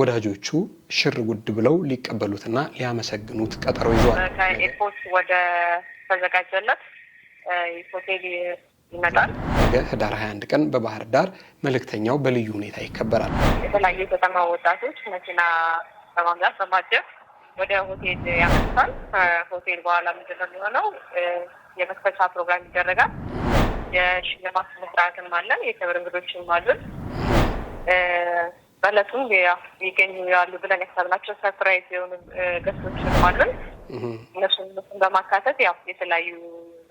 ወዳጆቹ ሽር ጉድ ብለው ሊቀበሉትና ሊያመሰግኑት ቀጠሮ ይዟል። ከኤርፖርት ወደ ተዘጋጀለት ሆቴል ይመጣል። ህዳር 21 ቀን በባህር ዳር መልእክተኛው በልዩ ሁኔታ ይከበራል። የተለያዩ የከተማ ወጣቶች መኪና በማምዛት በማጀብ ወደ ሆቴል ያመጣል። ከሆቴል በኋላ ምንድን ነው የሚሆነው? የመክፈቻ ፕሮግራም ይደረጋል። የሽልማት ስነ አለን። የክብር እንግዶችም አሉን። በእለቱ የሚገኙ ያሉ ብለን ያሰብናቸው ሰርፕራይዝ የሆኑ ገሶችንም አሉን። እነሱን እነሱን በማካተት ያው የተለያዩ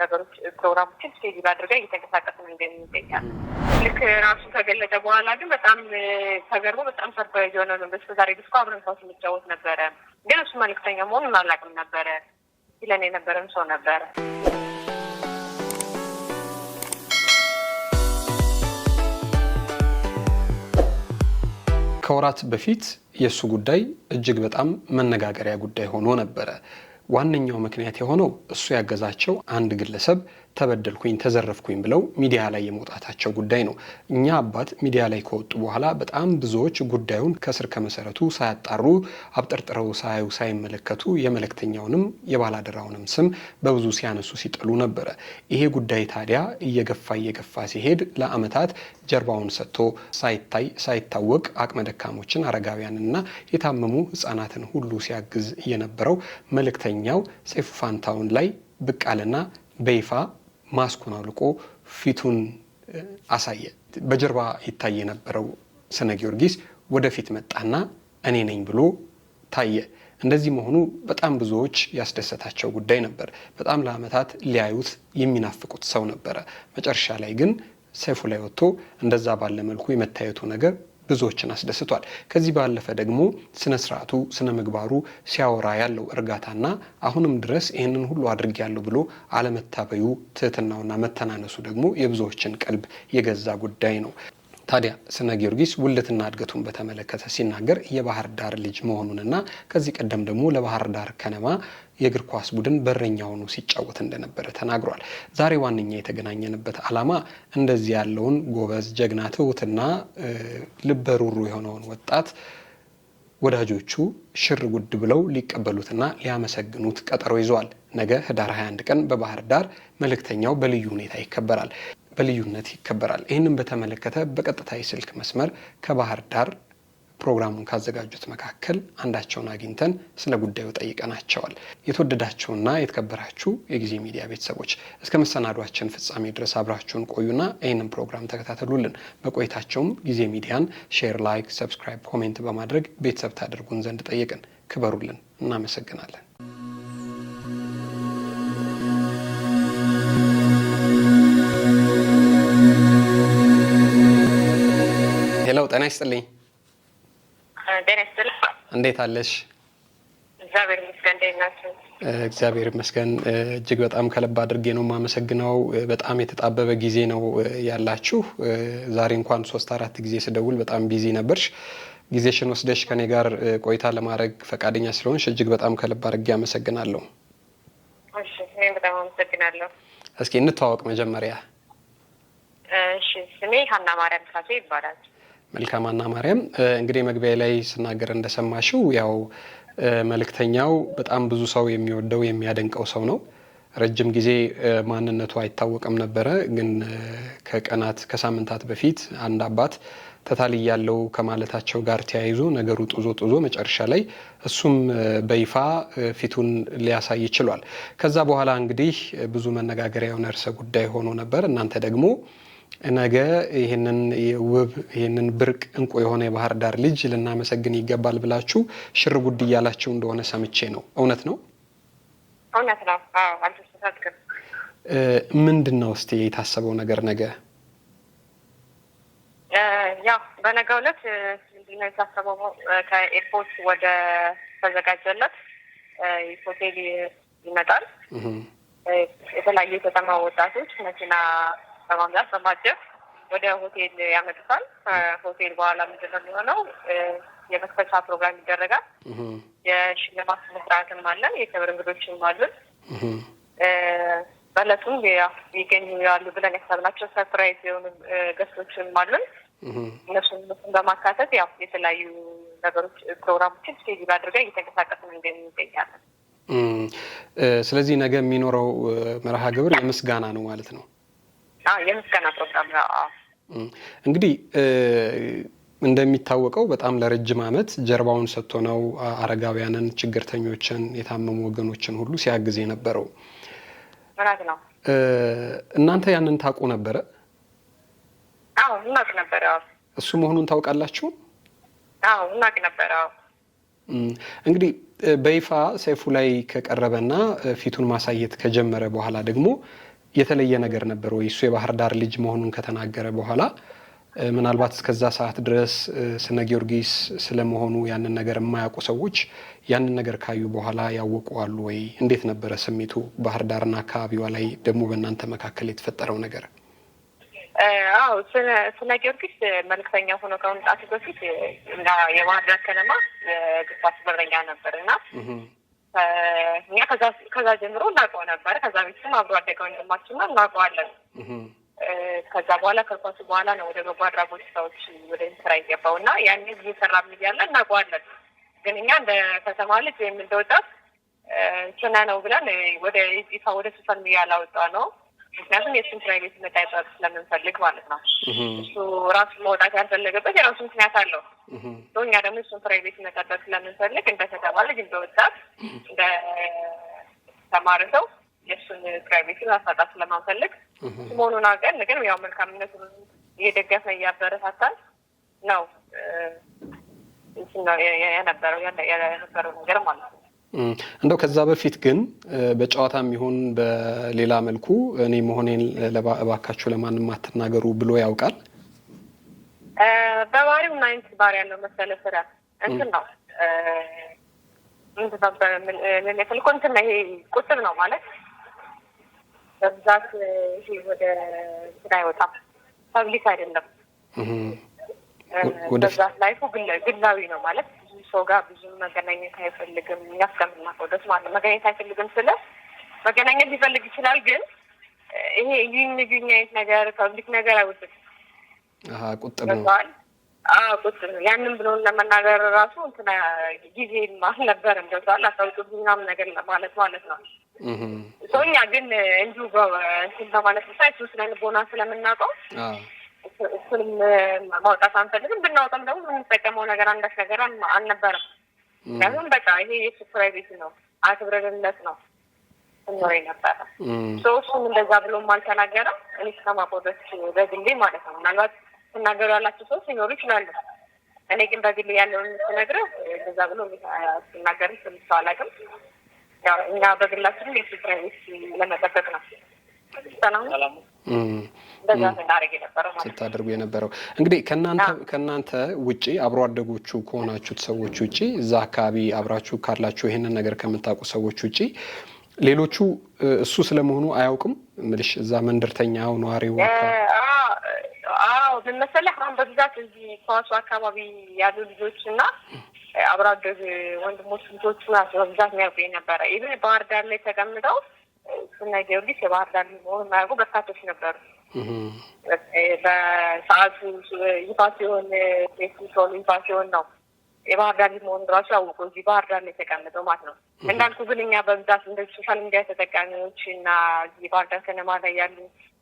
ነገሮች ፕሮግራሞችን ስኬጁል አድርገን እየተንቀሳቀስን እንገኛለን። ልክ ራሱ ከገለጠ በኋላ ግን በጣም ተገርቦ በጣም ሰርፕራይዝ የሆነ ነው። በስከ ዛሬ ድስኮ አብረን ሰው ስንጫወት ነበረ፣ ግን እሱ መልክተኛ መሆኑን አላውቅም ነበረ ይለን የነበረን ሰው ነበረ። ከወራት በፊት የእሱ ጉዳይ እጅግ በጣም መነጋገሪያ ጉዳይ ሆኖ ነበረ። ዋነኛው ምክንያት የሆነው እሱ ያገዛቸው አንድ ግለሰብ ተበደልኩኝ፣ ተዘረፍኩኝ ብለው ሚዲያ ላይ የመውጣታቸው ጉዳይ ነው። እኛ አባት ሚዲያ ላይ ከወጡ በኋላ በጣም ብዙዎች ጉዳዩን ከስር ከመሰረቱ ሳያጣሩ አብጠርጥረው ሳያዩ ሳይመለከቱ የመልእክተኛውንም የባላደራውንም ስም በብዙ ሲያነሱ ሲጥሉ ነበረ። ይሄ ጉዳይ ታዲያ እየገፋ እየገፋ ሲሄድ ለአመታት ጀርባውን ሰጥቶ ሳይታይ ሳይታወቅ አቅመ ደካሞችን አረጋውያንና የታመሙ ህጻናትን ሁሉ ሲያግዝ የነበረው መልእክተኛው ሰይፉ ላይ ብቅ አለና በይፋ ማስኩን አውልቆ ፊቱን አሳየ። በጀርባ ይታይ የነበረው ስነ ጊዮርጊስ ወደፊት መጣና እኔ ነኝ ብሎ ታየ። እንደዚህ መሆኑ በጣም ብዙዎች ያስደሰታቸው ጉዳይ ነበር። በጣም ለዓመታት ሊያዩት የሚናፍቁት ሰው ነበረ። መጨረሻ ላይ ግን ሰይፉ ላይ ወጥቶ እንደዛ ባለ መልኩ የመታየቱ ነገር ብዙዎችን አስደስቷል። ከዚህ ባለፈ ደግሞ ስነ ስርዓቱ፣ ስነ ምግባሩ ሲያወራ ያለው እርጋታና አሁንም ድረስ ይህንን ሁሉ አድርጌያለሁ ብሎ አለመታበዩ፣ ትህትናውና መተናነሱ ደግሞ የብዙዎችን ቀልብ የገዛ ጉዳይ ነው። ታዲያ ስነ ጊዮርጊስ ውልትና እድገቱን በተመለከተ ሲናገር የባህር ዳር ልጅ መሆኑንና ከዚህ ቀደም ደግሞ ለባህር ዳር ከነማ የእግር ኳስ ቡድን በረኛ ሆኖ ሲጫወት እንደነበረ ተናግሯል። ዛሬ ዋነኛ የተገናኘንበት ዓላማ እንደዚህ ያለውን ጎበዝ፣ ጀግና፣ ትሁትና ልበሩሩ የሆነውን ወጣት ወዳጆቹ ሽር ጉድ ብለው ሊቀበሉትና ሊያመሰግኑት ቀጠሮ ይዘዋል። ነገ ህዳር 21 ቀን በባህር ዳር መልእክተኛው በልዩ ሁኔታ ይከበራል። በልዩነት ይከበራል። ይህንን በተመለከተ በቀጥታ የስልክ መስመር ከባህር ዳር ፕሮግራሙን ካዘጋጁት መካከል አንዳቸውን አግኝተን ስለ ጉዳዩ ጠይቀናቸዋል። የተወደዳችሁና የተከበራችሁ የጊዜ ሚዲያ ቤተሰቦች እስከ መሰናዷችን ፍጻሜ ድረስ አብራችሁን ቆዩና ይህንን ፕሮግራም ተከታተሉልን። በቆይታቸውም ጊዜ ሚዲያን ሼር፣ ላይክ፣ ሰብስክራይብ፣ ኮሜንት በማድረግ ቤተሰብ ታደርጉን ዘንድ ጠየቅን። ክበሩልን። እናመሰግናለን። ለው ጤና ይስጥልኝ። እንዴት አለሽ? እግዚአብሔር ይመስገን። እጅግ በጣም ከልብ አድርጌ ነው የማመሰግነው። በጣም የተጣበበ ጊዜ ነው ያላችሁ። ዛሬ እንኳን ሶስት አራት ጊዜ ስደውል በጣም ቢዚ ነበርሽ። ጊዜሽን ወስደሽ ከኔ ጋር ቆይታ ለማድረግ ፈቃደኛ ስለሆንሽ እጅግ በጣም ከልብ አድርጌ አመሰግናለሁ። አመሰግናለሁ። እስኪ እንተዋወቅ መጀመሪያ። እሺ፣ ስሜ ሀና ማርያም ካሴ ይባላል። መልካም አና ማርያም እንግዲህ መግቢያ ላይ ስናገር እንደሰማሽው ያው መልእክተኛው በጣም ብዙ ሰው የሚወደው የሚያደንቀው ሰው ነው። ረጅም ጊዜ ማንነቱ አይታወቅም ነበረ። ግን ከቀናት ከሳምንታት በፊት አንድ አባት ተታልያለው ከማለታቸው ጋር ተያይዞ ነገሩ ጥዞ ጥዞ መጨረሻ ላይ እሱም በይፋ ፊቱን ሊያሳይ ችሏል። ከዛ በኋላ እንግዲህ ብዙ መነጋገሪያ የሆነ ርዕሰ ጉዳይ ሆኖ ነበር። እናንተ ደግሞ ነገ ይህንን ውብ ይህንን ብርቅ እንቁ የሆነ የባህር ዳር ልጅ ልናመሰግን ይገባል ብላችሁ ሽር ጉድ እያላችሁ እንደሆነ ሰምቼ ነው። እውነት ነው? እውነት ነው። ምንድን ነው እስቲ የታሰበው ነገር ነገ? ያው በነገው ዕለት ምንድን ነው የታሰበው? ከኤርፖርት ወደ ተዘጋጀለት ሆቴል ይመጣል። የተለያዩ የከተማ ወጣቶች መኪና በማምላት በማጀብ ወደ ሆቴል ያመጡታል። ከሆቴል በኋላ ምንድን ነው የሚሆነው? የመክፈቻ ፕሮግራም ይደረጋል። የሽልማት ስነስርዓትም አለ። የክብር እንግዶችም አሉን። በእለቱም ይገኙ ያሉ ብለን ያሰብናቸው ሰርፕራይዝ የሆኑ ገስቶችም አሉን። እነሱን በማካተት ያው የተለያዩ ነገሮች ፕሮግራሞችን ስቴጅ አድርገን እየተንቀሳቀስን እንገኛለን። ስለዚህ ነገ የሚኖረው መርሃ ግብር የምስጋና ነው ማለት ነው። የምስጋና ፕሮግራም እንግዲህ እንደሚታወቀው በጣም ለረጅም ዓመት ጀርባውን ሰጥቶ ነው አረጋውያንን፣ ችግርተኞችን፣ የታመሙ ወገኖችን ሁሉ ሲያግዝ የነበረው። ነው። እናንተ ያንን ታውቁ ነበረ? አዎ እናውቅ ነበረ። እሱ መሆኑን ታውቃላችሁ? አዎ እናውቅ ነበረ። እንግዲህ በይፋ ሰይፉ ላይ ከቀረበና ፊቱን ማሳየት ከጀመረ በኋላ ደግሞ የተለየ ነገር ነበር ወይ? እሱ የባህር ዳር ልጅ መሆኑን ከተናገረ በኋላ ምናልባት እስከዛ ሰዓት ድረስ ስነ ጊዮርጊስ ስለመሆኑ ያንን ነገር የማያውቁ ሰዎች ያንን ነገር ካዩ በኋላ ያወቁ አሉ ወይ? እንዴት ነበረ ስሜቱ ባህር ዳርና አካባቢዋ ላይ ደግሞ በእናንተ መካከል የተፈጠረው ነገር? አዎ ስነ ጊዮርጊስ መልክተኛ ሆኖ ከመምጣቱ በፊት የባህር ዳር ከነማ የእግር ኳስ በረኛ ነበር እና እኛ ከዛ ጀምሮ እናውቀው ነበር። ከዛ ቤትም አብሮ አደገ ወንድማችን ነው እናውቀዋለን። ከዛ በኋላ ከኳሱ በኋላ ነው ወደ በጎ አድራጎት ስራዎች ወደ ስራ የገባው እና ያን ጊዜ ሰራ እያለ እናውቀዋለን። ግን እኛ እንደ ከተማ ልጅ ወይም እንደ ወጣት ችና ነው ብለን ወደ ይፋ ወደ ሶሻል ሚዲያ ላወጣ ነው ምክንያቱም የእሱን ቤት መጠበቅ ስለምንፈልግ ማለት ነው። እሱ ራሱ መውጣት ያልፈለገበት የራሱ ምክንያት አለው። እኛ ደግሞ የእሱን ቤት መጠበቅ ስለምንፈልግ እንደተባለ ግን በወጣት እንደተማረ ሰው የእሱን ፕራይቬትን አሳጣት ስለማንፈልግ መሆኑን አውቀን ግን ያው መልካምነቱን እየደገፈ እያበረታታል ነው የነበረው የነበረው ነገር ማለት ነው። እንደው ከዛ በፊት ግን በጨዋታም ይሁን በሌላ መልኩ እኔ መሆኔን እባካችሁ ለማንም አትናገሩ ብሎ ያውቃል። በባሪው ምን አይነት ባህሪ ያለው መሰለ ስራ እንትን ነው ምንፈልኮ እንትን ነው ይሄ ቁጥብ ነው ማለት በብዛት ይሄ ወደ ስራ አይወጣም። ፐብሊክ አይደለም። በብዛት ላይፉ ግላዊ ነው ማለት ሰው ጋር ብዙ መገናኘት አይፈልግም። እኛ እስከምናውቀው ድረስ ማለት መገናኘት አይፈልግም ስለ መገናኘት ሊፈልግ ይችላል፣ ግን ይሄ ይህን ግኛየት ነገር ፐብሊክ ነገር አይወድም። ቁጥብ ነው ቁጥ ነው። ያንን ብሎን ለመናገር ራሱ እንትና ጊዜ አልነበረም። ገብቷል። አስታውቅ ምናምን ነገር ለማለት ማለት ነው። ሰውኛ ግን እንዲሁ እንትን በማለት ሳይ ሶስት ላይ ልቦና ስለምናውቀው እሱንም ማውጣት አንፈልግም። ብናወጣም ደግሞ የምንጠቀመው ነገር አንዳች ነገር አልነበረም። ለምን በቃ ይሄ የሱ ፕራይቬሲ ነው፣ አክብረንነት ነው ስኖር ነበረ። እሱም እንደዛ ብሎም አልተናገረም። እኔ እስከማውቀው በግሌ ማለት ነው። ምናልባት ስናገሩ ያላቸው ሰዎች ሊኖሩ ይችላሉ። እኔ ግን በግሌ ያለውን ስነግረው እንደዛ ብሎ ስናገር ሰው አላውቅም። እኛ በግላችን የሱ ፕራይቬሲ ለመጠበቅ ነው። ሰላም ስታደርጉ የነበረው እንግዲህ ከእናንተ ውጭ አብሮ አደጎቹ ከሆናችሁት ሰዎች ውጭ እዛ አካባቢ አብራችሁ ካላችሁ ይህንን ነገር ከምታውቁ ሰዎች ውጭ ሌሎቹ እሱ ስለመሆኑ አያውቅም። ምልሽ እዛ መንደርተኛው ነዋሪው ምን መሰለህ፣ አሁን በብዛት እዚህ ከዋሱ አካባቢ ያሉ ልጆች እና አብሮ አደግ ወንድሞች ልጆቹ ናቸው በብዛት የሚያውቁ የነበረ ይህ ባህር ዳር ላይ ተቀምጠው እሱና ጊዮርጊስ የባህር ዳር መሆኑን ማያውቁ በርካቶች ነበሩ። በሰዓቱ ይፋ ሲሆን ቴክኒካል ይፋ ሲሆን ነው የባህር ዳር መሆን ራሱ ያወቁ እዚህ ባህር ዳር ነው የተቀመጠው ማለት ነው። እንዳልኩ ግን እኛ በብዛት እንደ ሶሻል ሚዲያ ተጠቃሚዎች እና እዚህ ባህር ዳር ከነማ ላይ ያሉ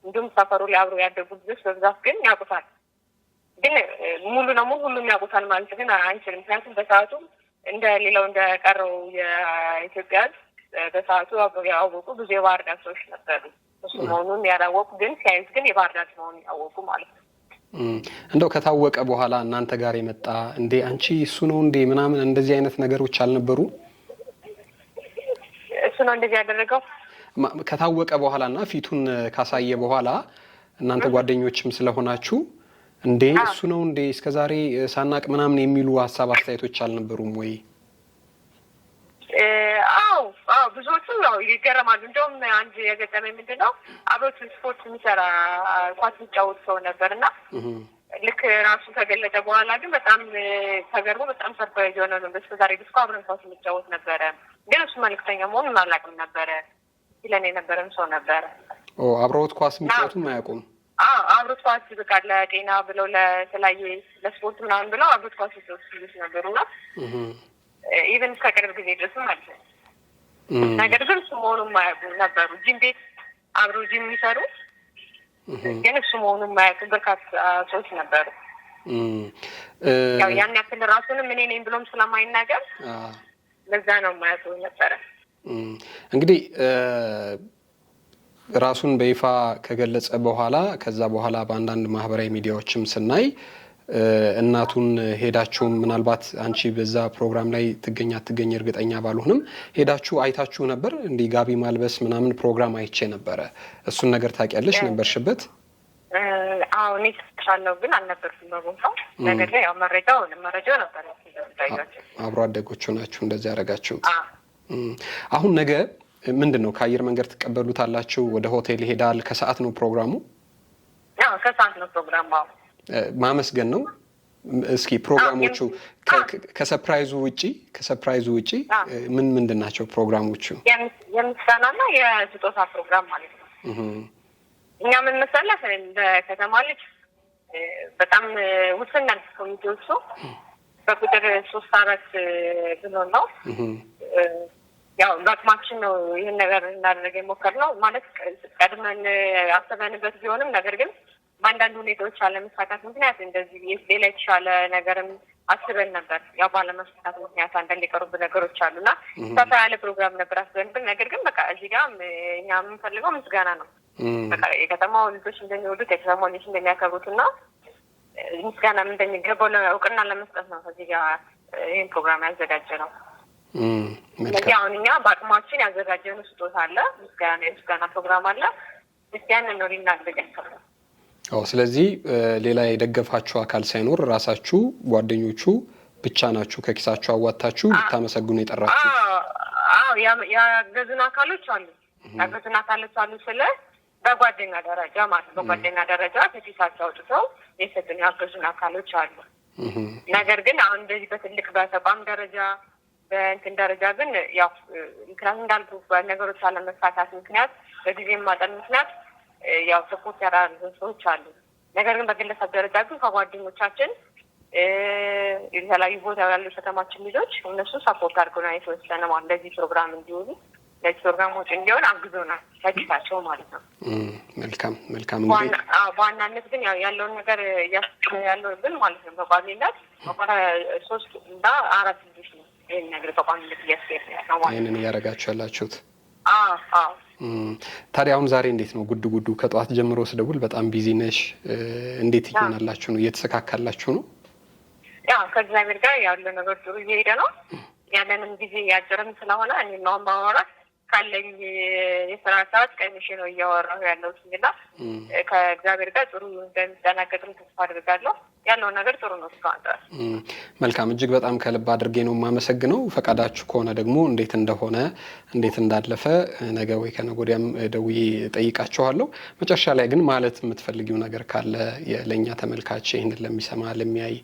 እንዲሁም ሰፈሩ ላይ አብረው ያደጉ ልጆች በብዛት ግን ያውቁታል። ግን ሙሉ ለሙሉ ሁሉም ያውቁታል ማለት ግን አንችልም። ምክንያቱም በሰዓቱ እንደ ሌላው እንደቀረው የኢትዮጵያ ሕዝብ በሰዓቱ ያወቁ ብዙ የባህር ዳር ሰዎች ነበሩ። እሱ መሆኑን ያላወቁ ግን ሲያዩት ግን የባህር ዳር መሆኑ ያወቁ ማለት ነው። እንደው ከታወቀ በኋላ እናንተ ጋር የመጣ እንዴ አንቺ እሱ ነው እንዴ ምናምን እንደዚህ አይነት ነገሮች አልነበሩ? እሱ ነው እንደዚህ ያደረገው ከታወቀ በኋላ እና ፊቱን ካሳየ በኋላ እናንተ ጓደኞችም ስለሆናችሁ እንዴ እሱ ነው እንዴ እስከዛሬ ሳናቅ ምናምን የሚሉ ሀሳብ አስተያየቶች አልነበሩም ወይ? አው አው ብዙዎቹም ያው ይገረማሉ። እንደውም አንድ የገጠመኝ ምንድን ነው አብሮት ስፖርት የሚሰራ ኳስ የሚጫወት ሰው ነበር እና ልክ ራሱ ከገለጠ በኋላ ግን በጣም ተገርቦ በጣም ሰርፕራይዝ የሆነ ነው። በስከ ዛሬ ድስኮ አብረን ኳስ የሚጫወት ነበረ፣ ግን እሱ መልክተኛ መሆኑን አላውቅም ነበረ ሲለን የነበረም ሰው ነበረ። አብረውት ኳስ የሚጫወቱም አያውቁም። አብሮት ኳስ በቃ ለጤና ብለው ለተለያየ ለስፖርት ምናምን ብለው አብሮት ኳስ የሚጫወቱ ልጆች ነበሩና ኢቨን እስከ ቅርብ ጊዜ ድረስ ማለት ነው። ነገር ግን እሱ መሆኑን የማያውቁ ነበሩ። ጂም ቤት አብረው ጂም የሚሰሩ ግን እሱ መሆኑ የማያውቁ በርካታ ሰዎች ነበሩ። ያው ያን ያክል ራሱንም እኔ ነኝ ብሎም ስለማይናገር ለዛ ነው የማያውቁ ነበረ። እንግዲህ ራሱን በይፋ ከገለጸ በኋላ ከዛ በኋላ በአንዳንድ ማህበራዊ ሚዲያዎችም ስናይ እናቱን ሄዳችሁም ምናልባት አንቺ በዛ ፕሮግራም ላይ ትገኝ አትገኝ እርግጠኛ ባልሆንም ሄዳችሁ አይታችሁ ነበር? እንዲህ ጋቢ ማልበስ ምናምን ፕሮግራም አይቼ ነበረ። እሱን ነገር ታውቂያለሽ? ነበርሽበት? አዎ እኔ ስትሻለው ግን አልነበርኩም በቦታው። ነገር ላይ ያው መረጃው መረጃው ነበረ። አብሮ አደጎቹ ናችሁ እንደዚህ ያደረጋችሁት። አሁን ነገ ምንድን ነው ከአየር መንገድ ትቀበሉታላችሁ? ወደ ሆቴል ይሄዳል። ከሰዓት ነው ፕሮግራሙ? ከሰዓት ነው ፕሮግራሙ። ማመስገን ነው። እስኪ ፕሮግራሞቹ ከሰፕራይዙ ውጪ ከሰፕራይዙ ውጪ ምን ምንድን ናቸው ፕሮግራሞቹ? የምስጋናና የስጦታ ፕሮግራም ማለት ነው። እኛ ምን መሰለህ በከተማ ልጅ በጣም ውስን ነን ኮሚቴዎቹ በቁጥር ሶስት አራት ብሎን ነው ያው በአቅማችን ነው ይህን ነገር እናደርግ ነው ማለት ቀድመን አስበንበት ቢሆንም ነገር ግን በአንዳንድ ሁኔታዎች አለመሳካት ምክንያት እንደዚህ ሌላ የተሻለ ነገርም አስበን ነበር። ያው ባለመሳካት ምክንያት አንዳንድ የቀሩብ ነገሮች አሉ እና ሰፋ ያለ ፕሮግራም ነበር አስበንብን። ነገር ግን በቃ እዚህ ጋር እኛ የምንፈልገው ምስጋና ነው። በቃ የከተማው ልጆች እንደሚወዱት የከተማው ልጆች እንደሚያከብሩት እና ምስጋና እንደሚገባው እውቅና ለመስጠት ነው እዚህ ጋር ይህን ፕሮግራም ያዘጋጀ ነው። ስለዚህ አሁን እኛ በአቅማችን ያዘጋጀን ስጦታ አለ፣ ምስጋና የምስጋና ፕሮግራም አለ። ምስጋና ነው ሊናግዘግ ያስፈልጋል ስለዚህ ሌላ የደገፋችሁ አካል ሳይኖር ራሳችሁ ጓደኞቹ ብቻ ናችሁ ከኪሳችሁ አዋታችሁ ልታመሰግኑ የጠራችሁ? ያገዝን አካሎች አሉ። ያገዝን አካሎች አሉ ስለ በጓደኛ ደረጃ ማለት በጓደኛ ደረጃ ከኪሳቸው አውጥተው የሰጡን ያገዙን አካሎች አሉ። ነገር ግን አሁን እንደዚህ በትልቅ በተቋም ደረጃ በእንትን ደረጃ ግን ያው ምክንያቱ እንዳልኩ በነገሮች አለመሳካት ምክንያት በጊዜ ማጠን ምክንያት ያው ሰፖርት ያራሉ ሰዎች አሉ። ነገር ግን በግለሰብ ደረጃ ግን ከጓደኞቻችን የተለያዩ ቦታ ያሉ ከተማችን ልጆች እነሱ ሰፖርት አድርገናል። የተወሰነ ማለት ለዚህ ፕሮግራም እንዲሆኑ ለዚህ ፕሮግራም ወጪ እንዲሆን አግዞናል በቂታቸው ማለት ነው። መልካም መልካም። በዋናነት ግን ያው ያለውን ነገር እያስ ያለው ግን ማለት ነው በቋሚነት ሶስት እና አራት ልጆች ነው ይህን ነገር በቋሚነት እያስ ነው ማለት ነው። ይህንን እያደረጋችሁ ያላችሁት ታዲያ አሁን ዛሬ እንዴት ነው ጉድ ጉዱ? ከጠዋት ጀምሮ ስደውል በጣም ቢዚ ነሽ። እንዴት እየሆነላችሁ ነው? እየተሰካካላችሁ ነው? ያው ከእግዚአብሔር ጋር ያለው ነገር ጥሩ እየሄደ ነው። ያለንም ጊዜ ያጭርም ስለሆነ እኔ ማውራት ካለኝ የስራ ሰዓት ቀንሽ ነው እያወራሁ ያለሁት እና ከእግዚአብሔር ጋር ጥሩ እንደሚጠናቀጥሩ ተስፋ አድርጋለሁ። ያለውን ነገር ጥሩ ነው እስካሁን ድረስ። መልካም፣ እጅግ በጣም ከልብ አድርጌ ነው የማመሰግነው። ፈቃዳችሁ ከሆነ ደግሞ እንዴት እንደሆነ እንዴት እንዳለፈ ነገ ወይ ከነገ ወዲያም ደውዬ ጠይቃችኋለሁ። መጨረሻ ላይ ግን ማለት የምትፈልጊው ነገር ካለ ለእኛ ተመልካች ይህንን ለሚሰማ ለሚያይ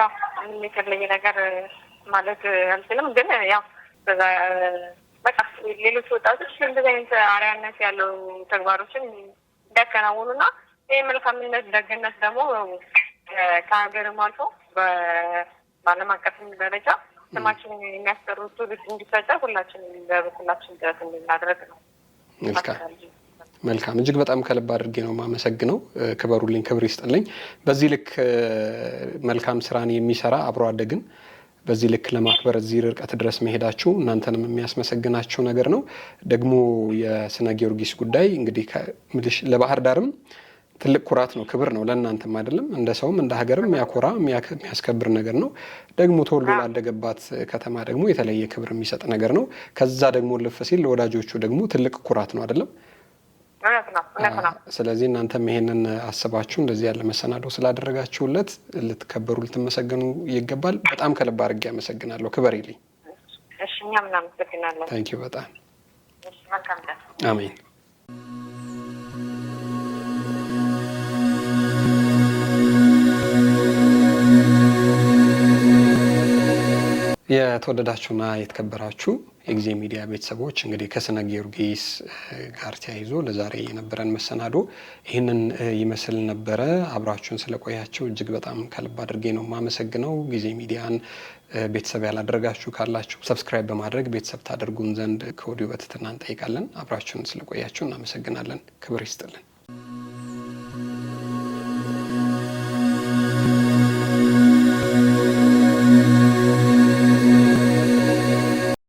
ያው የሚፈልግ ነገር ማለት አልችልም ግን ያው በቃ ሌሎች ወጣቶች እንደዚህ አይነት አርአያነት ያለው ተግባሮችን እንዲያከናውኑና ይህ መልካምነት ደግነት ደግሞ ከሀገርም አልፎ በዓለም አቀፍም ደረጃ ስማችንን የሚያስጠሩ ትውልድ እንዲፈጠ ሁላችንም በበኩላችን ጥረት እንድናደርግ ነው። መልካም። እጅግ በጣም ከልብ አድርጌ ነው የማመሰግነው። ክበሩልኝ፣ ክብር ይስጥልኝ። በዚህ ልክ መልካም ስራን የሚሰራ አብሮ አደግን በዚህ ልክ ለማክበር እዚህ ርቀት ድረስ መሄዳችሁ እናንተንም የሚያስመሰግናቸው ነገር ነው። ደግሞ የስነ ጊዮርጊስ ጉዳይ እንግዲህ ለባህር ዳርም ትልቅ ኩራት ነው፣ ክብር ነው። ለእናንተም አይደለም እንደ ሰውም እንደ ሀገርም የሚያኮራ የሚያስከብር ነገር ነው። ደግሞ ተወልዶ ላደገባት ከተማ ደግሞ የተለየ ክብር የሚሰጥ ነገር ነው። ከዛ ደግሞ ልፍ ሲል ለወዳጆቹ ደግሞ ትልቅ ኩራት ነው አይደለም ስለዚህ እናንተም ይሄንን አስባችሁ እንደዚህ ያለ መሰናዶ ስላደረጋችሁለት ልትከበሩ ልትመሰገኑ ይገባል። በጣም ከልብ አድርጌ አመሰግናለሁ። ክበር ይልኝ። እኛም እናመሰግናለን። ታንኪ በጣም አሜን። የተወደዳችሁና የተከበራችሁ የጊዜ ሚዲያ ቤተሰቦች እንግዲህ ከስነ ጊዮርጊስ ጋር ተያይዞ ለዛሬ የነበረን መሰናዶ ይህንን ይመስል ነበረ። አብራችሁን ስለቆያቸው እጅግ በጣም ከልብ አድርጌ ነው የማመሰግነው። ጊዜ ሚዲያን ቤተሰብ ያላደረጋችሁ ካላችሁ ሰብስክራይብ በማድረግ ቤተሰብ ታደርጉን ዘንድ ከወዲሁ በትህትና እንጠይቃለን። አብራችሁን ስለቆያችሁ እናመሰግናለን። ክብር ይስጥልን።